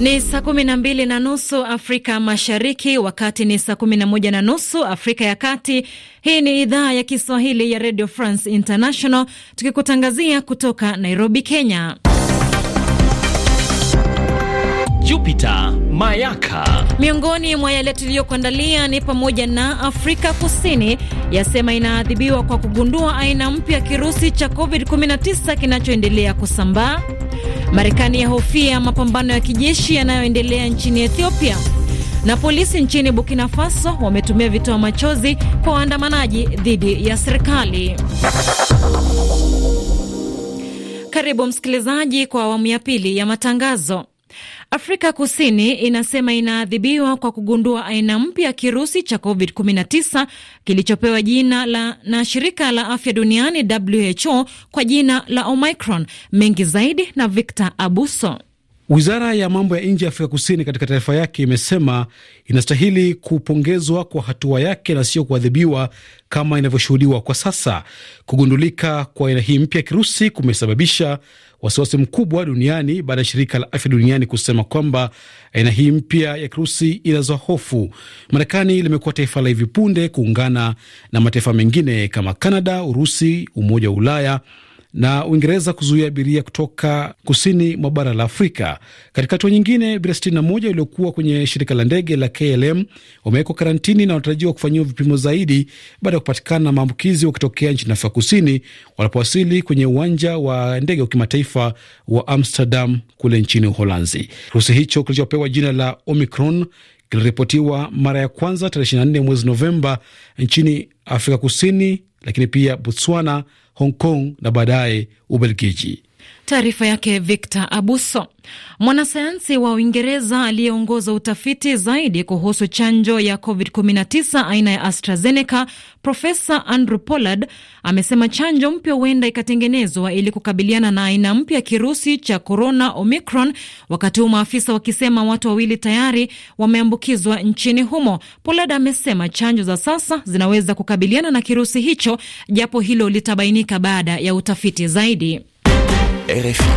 Ni saa kumi na mbili na nusu Afrika Mashariki, wakati ni saa kumi na moja na nusu Afrika ya Kati. Hii ni idhaa ya Kiswahili ya Radio France International, tukikutangazia kutoka Nairobi, Kenya. Jupiter Mayaka. Miongoni mwa yale tuliyokuandalia ni pamoja na Afrika Kusini yasema inaadhibiwa kwa kugundua aina mpya ya kirusi cha COVID-19 kinachoendelea kusambaa Marekani yahofia mapambano ya kijeshi yanayoendelea nchini Ethiopia, na polisi nchini Burkina Faso wametumia vitoa machozi kwa waandamanaji dhidi ya serikali. Karibu msikilizaji kwa awamu ya pili ya matangazo. Afrika Kusini inasema inaadhibiwa kwa kugundua aina mpya ya kirusi cha COVID-19 kilichopewa jina la na shirika la afya duniani WHO kwa jina la Omicron. Mengi zaidi na Victor Abuso. Wizara ya mambo ya nje ya Afrika Kusini katika taarifa yake imesema inastahili kupongezwa kwa hatua yake na sio kuadhibiwa kama inavyoshuhudiwa kwa sasa. Kugundulika kwa aina hii mpya ya kirusi kumesababisha wasiwasi mkubwa duniani baada ya shirika la afya duniani kusema kwamba aina hii mpya ya kirusi inazoa hofu. Marekani limekuwa taifa la hivi punde kuungana na mataifa mengine kama Kanada, Urusi, Umoja wa Ulaya na Uingereza kuzuia abiria kutoka kusini mwa bara la Afrika. Katika hatua nyingine, abiria 61 waliokuwa kwenye shirika la ndege la KLM wamewekwa karantini na wanatarajiwa kufanyiwa vipimo zaidi baada ya kupatikana na maambukizi wakitokea nchini Afrika Kusini walipowasili kwenye uwanja wa ndege wa kimataifa wa Amsterdam kule nchini Uholanzi. Kirusi hicho kilichopewa jina la Omicron kiliripotiwa mara ya kwanza tarehe 24 mwezi Novemba nchini Afrika Kusini, lakini pia Botswana, Hong Kong na baadaye Ubelgiji. Taarifa yake Victor Abuso. Mwanasayansi wa Uingereza aliyeongoza utafiti zaidi kuhusu chanjo ya COVID-19 aina ya AstraZeneca, Profesa Andrew Pollard amesema chanjo mpya huenda ikatengenezwa ili kukabiliana na aina mpya ya kirusi cha corona Omicron, wakati huu maafisa wakisema watu wawili tayari wameambukizwa nchini humo. Pollard amesema chanjo za sasa zinaweza kukabiliana na kirusi hicho, japo hilo litabainika baada ya utafiti zaidi. RFI.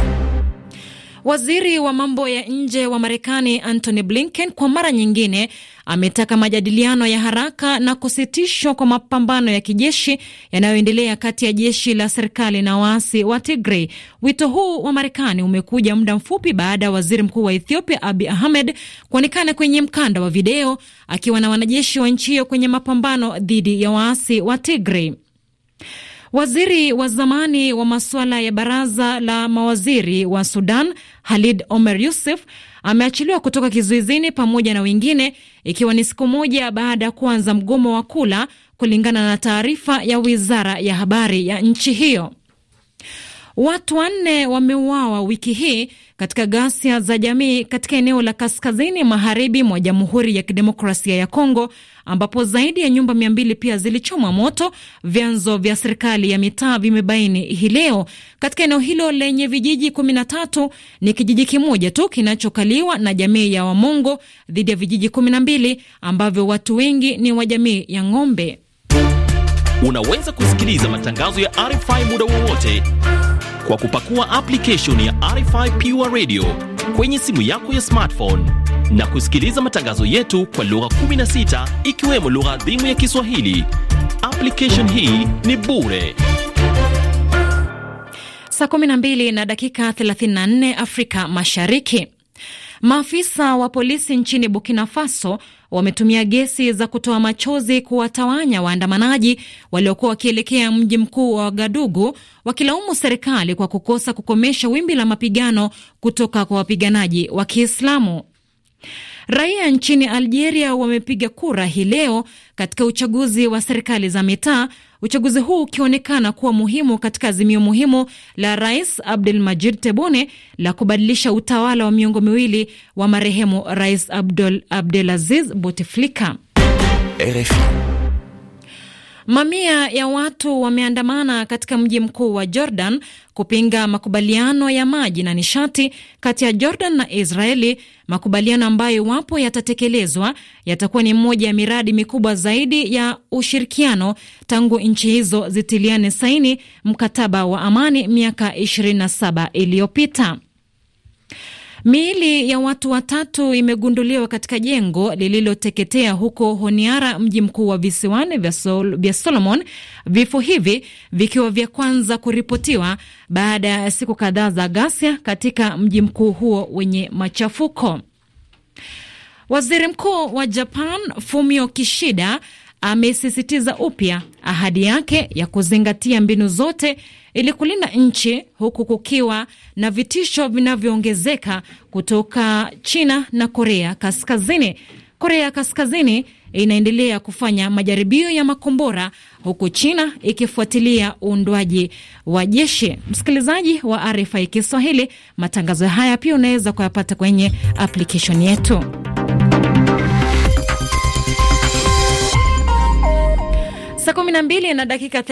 Waziri wa mambo ya nje wa Marekani Antony Blinken kwa mara nyingine ametaka majadiliano ya haraka na kusitishwa kwa mapambano ya kijeshi yanayoendelea kati ya jeshi la serikali na waasi wa Tigray. Wito huu wa Marekani umekuja muda mfupi baada ya waziri mkuu wa Ethiopia Abiy Ahmed kuonekana kwenye mkanda wa video akiwa na wanajeshi wa nchi hiyo kwenye mapambano dhidi ya waasi wa Tigray. Waziri wa zamani wa masuala ya baraza la mawaziri wa Sudan Halid Omer Yusuf ameachiliwa kutoka kizuizini pamoja na wengine, ikiwa ni siku moja baada ya kuanza mgomo wa kula, kulingana na taarifa ya wizara ya habari ya nchi hiyo. Watu wanne wameuawa wiki hii katika ghasia za jamii katika eneo la kaskazini magharibi mwa Jamhuri ya Kidemokrasia ya Kongo ambapo zaidi ya nyumba mia mbili pia zilichomwa moto, vyanzo vya serikali ya mitaa vimebaini hii leo. Katika eneo hilo lenye vijiji kumi na tatu ni kijiji kimoja tu kinachokaliwa na jamii ya Wamongo dhidi ya vijiji kumi na mbili ambavyo watu wengi ni wa jamii ya Ng'ombe. Unaweza kusikiliza matangazo ya RFI muda wowote kwa kupakua application ya RFI Pure Radio kwenye simu yako ya smartphone na kusikiliza matangazo yetu kwa lugha 16 ikiwemo lugha adhimu ya Kiswahili. Application hii ni bure. Saa 12 na dakika 34 Afrika Mashariki. Maafisa wa polisi nchini Burkina Faso wametumia gesi za kutoa machozi kuwatawanya waandamanaji waliokuwa wakielekea mji mkuu wa Wagadugu, wakilaumu serikali kwa kukosa kukomesha wimbi la mapigano kutoka kwa wapiganaji wa Kiislamu. Raia nchini Algeria wamepiga kura hii leo katika uchaguzi wa serikali za mitaa uchaguzi huu ukionekana kuwa muhimu katika azimio muhimu la Rais Abdul Majid Tebune la kubadilisha utawala wa miongo miwili wa marehemu Rais Abdul Abdelaziz Bouteflika. RFI. Mamia ya watu wameandamana katika mji mkuu wa Jordan kupinga makubaliano ya maji na nishati kati ya Jordan na Israeli, makubaliano ambayo iwapo yatatekelezwa yatakuwa ni moja ya miradi mikubwa zaidi ya ushirikiano tangu nchi hizo zitiliane saini mkataba wa amani miaka 27 iliyopita. Miili ya watu watatu imegunduliwa katika jengo lililoteketea huko Honiara, mji mkuu wa visiwani vya, Sol, vya Solomon, vifo hivi vikiwa vya kwanza kuripotiwa baada ya siku kadhaa za ghasia katika mji mkuu huo wenye machafuko. Waziri Mkuu wa Japan Fumio Kishida amesisitiza upya ahadi yake ya kuzingatia mbinu zote ili kulinda nchi huku kukiwa na vitisho vinavyoongezeka kutoka China na Korea Kaskazini. Korea Kaskazini inaendelea kufanya majaribio ya makombora huku China ikifuatilia uundwaji wa jeshi. Msikilizaji wa RFI Kiswahili, matangazo haya pia unaweza kuyapata kwenye application yetu. saa 12 na dakika